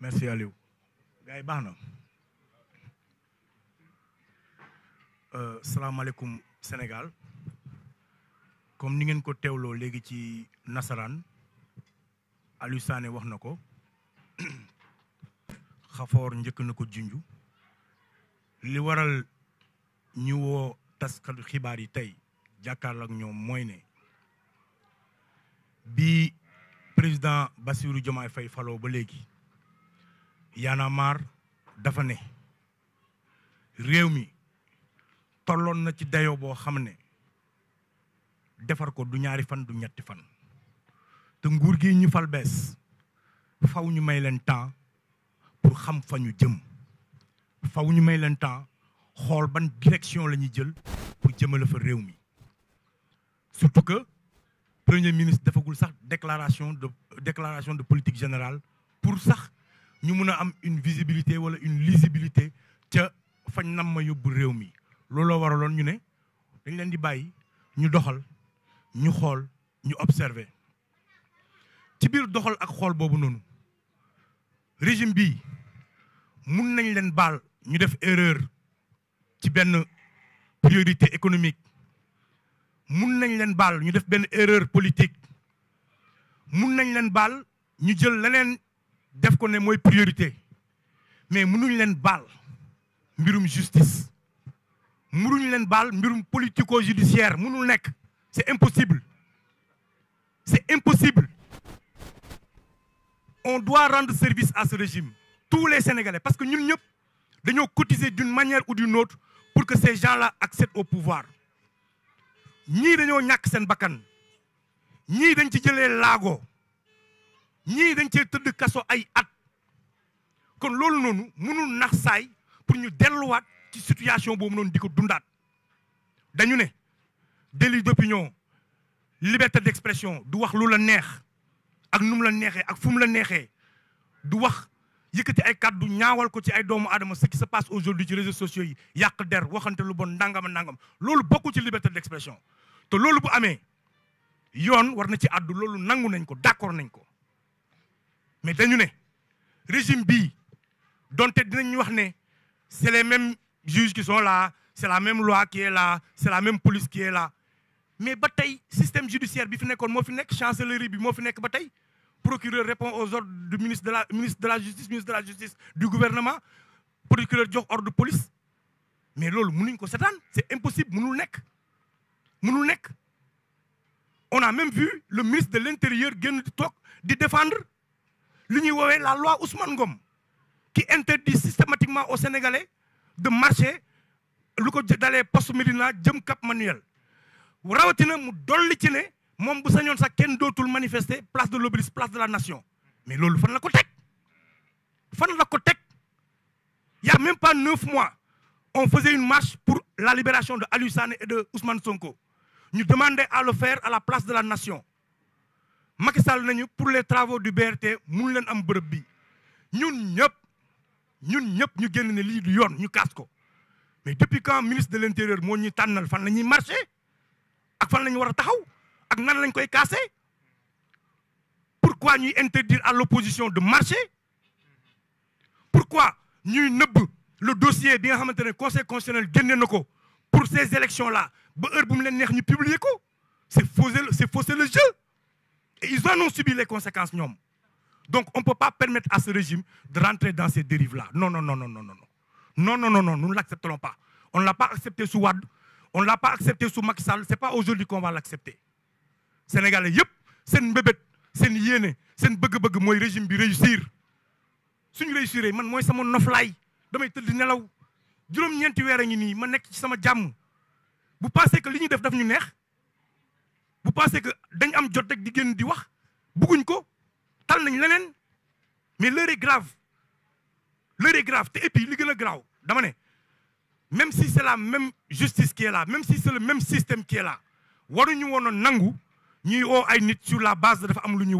merci Aliou gars baax na euh, salaamaaleykum Sénégal comme ni ngeen ko teewloo léegi ci nasaraan Aliou Sané wax na ko xafoor njëkk na ko junju li waral ñu woo taskatu xibaar yi tey jàkkaarloo ak ñoom mooy ne bi président Bassirou Diomaye fay faloo ba léegi Y'en a dafa ne réew mi tolloon na ci dayoo boo xam ne defar ko du ñaari fan du ñetti fan te nguur gi ñu fal bees faw ñu may leen temps pour xam fa ñu jëm faw ñu may leen temps xool ban direction la ñuy jël pour jëmale fa réew mi surtout que premier ministre defagul sax déclaration de déclaration de politique générale pour sax ñu mun am une visibilité wala une lisibilité que fañ nam ma yóbbu réew mi looloo waraloon ñu né dañ leen di bayyi ñu doxal ñu xol ñu observer ci bir doxal ak xol bobu nonu régime bi mën nañ leen baal ñu def erreur ci ben priorité économique mën nañ leen baal ñu def ben erreur politique mën nañ leen baal ñu jël leneen def ko ne mooy priorité mais mënuñ len bal mbirum justice mënuñ len bal mbirum politico judiciaire mënul nek c'est impossible c'est impossible on doit rendre service à ce régime tous les sénégalais parce que ñun ñep dañoo cotiser d'une manière ou d'une autre pour que ces gens-là accèdent au pouvoir Nous, dañoo ñak sen bakan ñi dañ ci jëlé lago. ñii dañ cee tëdd kaso ay at kon loolu noonu mënul nax saay pour ñu delluwaat ci situation boobu noonu di ko dundaat dañu ne délit d'opinion liberté d'expression du wax lu la neex ak nu mu la neexee ak fu mu la neexee du wax yëkkati ay kàddu ñaawal ko ci ay doomu aadama ce qui se passe aujourd'hui ci réseaux sociaux yi yàq der waxante lu boon ndàngama ndàngam loolu bokku ci liberté d'expression te loolu bu amee yoon war na ci àddu loolu nangu nañ ko d'accord nañ ko mais dans le régime B, donte c'est les mêmes juges qui sont là c'est la même loi qui est là c'est la même police qui est là mais bataille, système judiciaire bi chancellerie bi procureur répond aux ordres du ministre de la ministre de la justice ministre de la justice du gouvernement procureur jox ordre de police mais là le ko c'est impossible mënul nekk on a même vu le ministre de l'intérieur qui défendre lu la loi Ousmane Gom qui interdit systématiquement aux Sénégalais de marcher dans les postes poste dans jëm Cap Manuel vous mu dolli ci ne moom bu que manifester place de l'oblis, place de la nation mais loolu fan la ko fan la côté. Il y a même pas neuf mois on faisait une marche pour la libération de Alusane et de Ousmane Sonko Nous demandions à le faire à la place de la nation Macky Sall nañu pour les travaux du BRT mun leen am bërëb bi ñun ñëpp ñun ñëpp ñu génn ne lii du yoon ñu kaas ko mais depuis quand ministre de l' intérieur moo ñuy tànnal fan la ñuy marché ak fan la ñu war a taxaw ak nan lañ koy kaase pourquoi ñuy interdire à l' opposition de marcher pourquoi ñuy nëbb le dossier bi nga xamante ne conseil constitutionnel génne na ko pour ces élections là ba heure bu mu leen neex ñu publier ko c' est fausser c' est fausser le jeu ils en ont subi les conséquences, nous. Donc, on ne peut pas permettre à ce régime de rentrer dans ces dérives-là. Non, non, non, non, non, non. Non, non, non, non, nous ne l'accepterons pas. On ne l'a pas accepté sous Wad, on ne l'a pas accepté sous Macky Sall. Ce n'est pas aujourd'hui qu'on va l'accepter. Sénégalais, yep, c'est une bébête, c'est une yéné, c'est une bug bug, moi, régime, bi réussir. Si nous réussirons, moi, c'est mon noflay. fly je te dis, juróom-ñeenti weer a ngi nii ma nekk ci sama jàmm bu pensé que li ñuy def daf ñu vous pensez que dañ am jot di génn di wax ko leneen mais l'heure est grave l'heure est grave et puis même si c'est la même justice qui est là même si c'est le même système qui est là waruñu que nangu ay nit sur la base dafa am luñu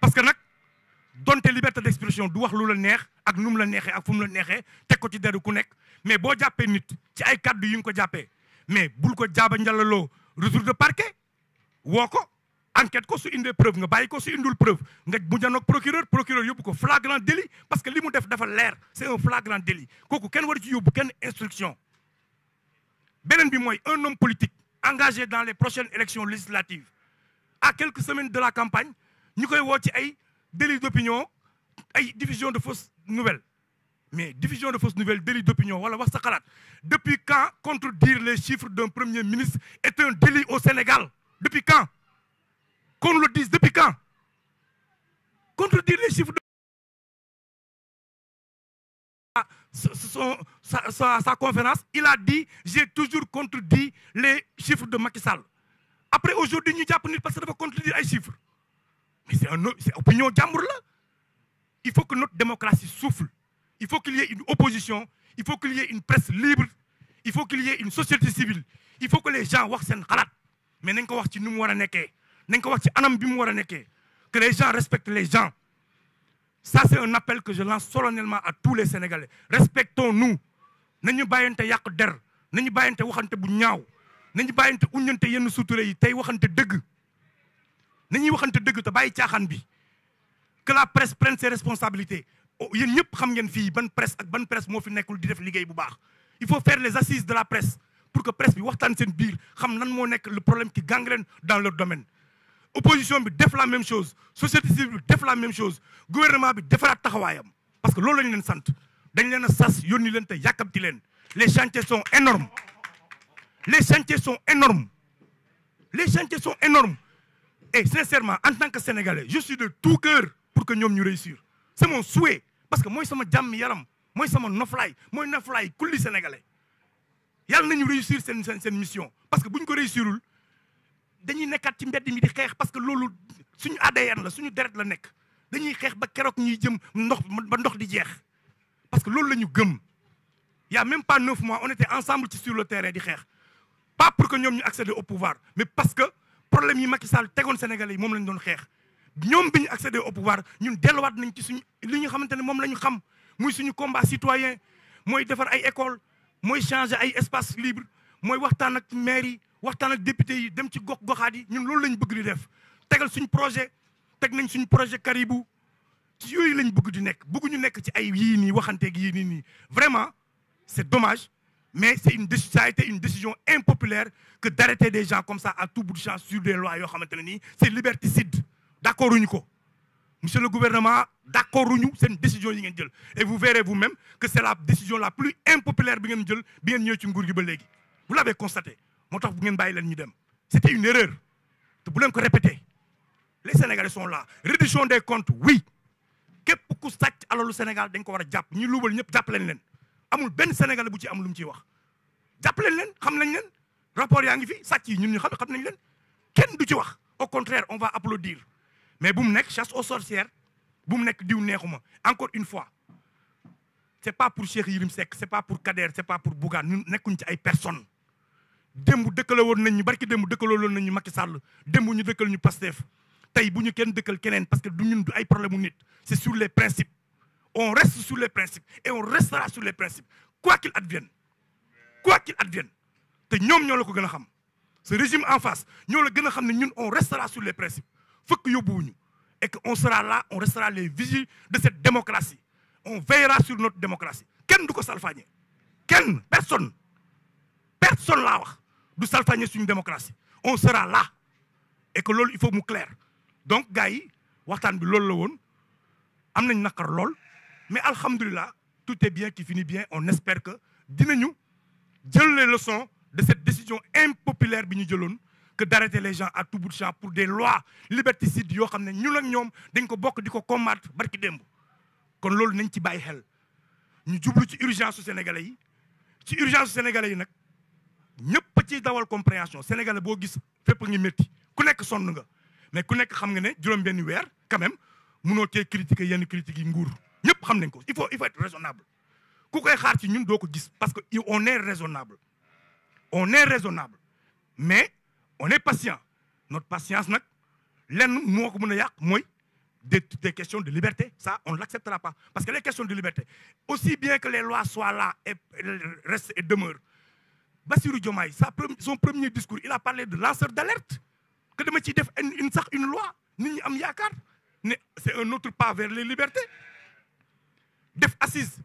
parce que nak liberté d'expression du wax lu la neex ak num la mais bo jappé nit ci ay cadre ko mais bul retour de parquet Woko, enquête ko des preuves. preuve nga une ko su indul preuve nga bu un procureur procureur yóbbu un flagrant délit parce que qui nous def dafa l'air, c'est un flagrant délit Koku ken war ci ken instruction Benen bi un homme politique engagé dans les prochaines élections législatives à quelques semaines de la campagne nous wo un ci ay délit d'opinion ay diffusion de fausses nouvelles mais division de fausses nouvelles, délit d'opinion, voilà, voilà, Depuis quand contredire les chiffres d'un Premier ministre est un délit au Sénégal Depuis quand Qu'on le dise, depuis quand Contredire les chiffres de... à ah, sa, conférence, il a dit j'ai toujours contredit les chiffres de Macky Sall. Après aujourd'hui, nous avons parce qu'il va contredire les chiffres. Mais c'est une opinion d'amour là. Il faut que notre démocratie souffle il faut qu'il y ait une opposition, il faut qu'il y ait une presse libre, il faut qu'il y ait une société civile, il faut que les gens voient seen mais nañ ko wax ci nous mu war a ko wax ci anam que les gens respectent les gens ça c'est un appel que je lance solennellement à tous les Sénégalais respectons-nous nañu bàyyante yàq der nañu bàyyante waxante bu ñaaw nañu bàyyante uñante yenn suture yi tey waxante dëgg nañuy waxante dëgg te bàyyi caaxaan bi que la presse prenne ses responsabilités Oh, presse presse il faut faire les assises de la presse pour que presse bi waxtane sen biir xam le problème qui gangrène dans leur domaine opposition bi la même chose société civile bi la même chose gouvernement bi même tâche. parce que loolu lañ leen sante dañ leen leen te les chantiers sont énormes les chantiers sont énormes les chantiers sont énormes et sincèrement en tant que sénégalais je suis de tout cœur pour que nous ñu réussir c'est mon souhait parce que mooy sama jàmm yaram mooy sama noflaay mooy noflaay kulli sénégalais yàlla nañu réussir seen seen seen mission parce que bu ñu ko réussirul dañuy nekkaat ci mbedd mi di xeex parce que loolu suñu ADN la suñu deret la nekk dañuy xeex ba keroog ñuy jëm ndox ba ndox di jeex parce que loolu la ñu gëm y a même pas neuf mois on était ensemble ci sur le terrain di xeex pas pour que ñoom ñu accéder au pouvoir mais parce que problème yi Macky Sall tegoon sénégalais yi moom lañ doon xeex ñoom biñu accéder au pouvoir ñun delluwaat nañ ci suñu li ñu xamante ne moom xam muy suñu combat citoyen moy défar ay école moy changer ay espace libre moy waxtaan ak maire yi waxtaan ak député yi dem ci gox goxaat yi ñun loolu lañ bëgg di def tégal suñu projet teg nañ suñu projet Caribou ci yooyu lañ bëgg di nekk ñu nekk ci ay yi ni waxanté yii nii nii vraiment c'est dommage mais c'est une ça a été une décision impopulaire que d'arrêter des gens comme ça à tout bout de champ sur des lois yo xamante ne nii c'est liberticide d'accord uñu ko monsieur le gouvernement d'accord uñu seen décision yi ngeen jël et vous verrez vous-même que c'est la décision la plus impopulaire bi ngeen jël bi ngeen ñëw ci nguur ba vous l'avez constaté moo bu ngeen bàyyi ñu dem c'était une erreur te bu leen ko répéter les Sénégalais sont là réduction des comptes oui képp ku sàcc alalu Sénégal dañ ko war a jàpp ñu luubal ñëpp jàpp leen leen amul ben Sénégalais bu ci am lu mu wax leen leen xam nañ leen rapport yaa ngi fi sàcc yi ñun ñu xam xam nañ leen du ci wax au contraire on va applaudir mais boum nek chasse aux sorcières boum nek diou, diw encore une fois c'est pas pour Cheikh Yirim ce c'est pas pour Kader c'est pas pour Bouga. Nous nekkuñ ci ay personnes Dembou dëkkale won nañu barki dembou dëkkaloo woon nañu ñu Macky Sall démb ñu dëkkal ñu Pastef tay buñu kenn keneen parce que du ñun du ay problème nit c'est sur les principes on reste sur les principes et on restera sur les principes quoi qu'il advienne quoi qu'il advienne te ñom ñoo la ko gëna xam ce régime en face ñoo la gëna xam ni ñun on restera sur les principes et qu'on on sera là on restera les vigiles de cette démocratie on veillera sur notre démocratie Ken du salfagne. Ken personne personne là, wax du sur une démocratie on sera là et que il faut nous clair donc gaï, watan waxtaan bi loolu la mais alhamdulillah, tout est bien qui finit bien on espère que nous jël les leçons de cette décision impopulaire nous ñu que d'arrêter les gens à tout bout de champ pour des lois liberticides yo xamné ne ñun ak ñoom dañ ko bokk diko combattre barki demb kon loolu nañ ci baye xel ñu djublu ci urgence sénégalais yi ci urgence sénégalais yi nak ñepp ci dawal compréhension sénégalais bo gis fépp ngi metti ku nek sonn nga mais ku nek xam nga né juróom-benn weer quand même mëno té critiquer yenn critique yi nguur ñepp xam nañ ko il faut il faut être raisonnable ku koy xaar ci ñun do ko gis parce que on est raisonnable on est raisonnable mais on est patient notre patience n'est pas moo ko des questions de liberté ça on ne l'acceptera pas parce que les questions de liberté aussi bien que les lois soient là et restent et demeurent Bassirou Diomaï, son premier discours il a parlé de lanceur d'alerte que demain, ciy def une une loi ni am c'est un autre pas vers les libertés def assise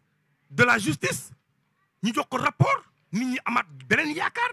de la justice ni jox un rapport Nous ñi amaat Yakar,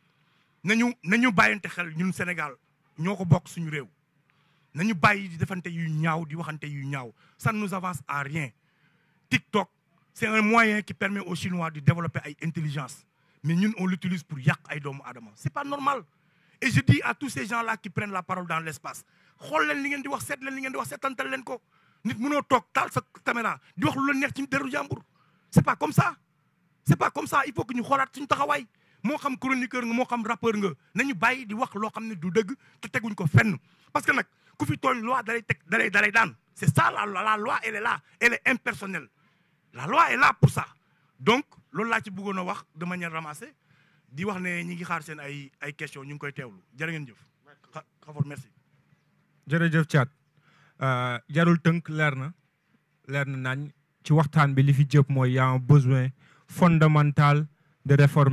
nañu nañu bàyyante xel ñun Sénégal ñoko ko suñu rew nañu bayyi di defante yu ñaaw di waxante yu ñaaw ça nous avance à rien TikTok c'est un moyen qui permet aux Chinois de développer ay intelligence mais ñun on l'utilise pour yak ay doomu aadama c'est pas normal et je dis à tous ces gens-là qui prennent la parole dans l'espace xol leen li ngeen di wax set leen li ngeen di wax seetantal leen ko nit mëno tok tal sa caméra di wax lu la neex ci deru jambour c'est pas comme ça c'est pas comme ça il faut que ñu xolat suñu taxaway mo xam chroniqueur nga moo xam rappeur nga nañu bàyyi di wax lo xamni du deug te teguñ ko fenn parce que nak ku fi togn loi dalay teg dalay dalay daan c'est ça la la loi elle est là elle est impersonnelle la loi est là pour ça donc loolu la ci bëggono wax de manière ramassée di wax né ñi ngi xaar seen ay ay questions ñu ngi koy tewlu jërë ngeen jëf xafoor merci jërëjëf Thiat euh, jarul tënk leer na leer na nañ ci waxtaan bi li fi jëpp mooy y a un besoin fondamental de réforme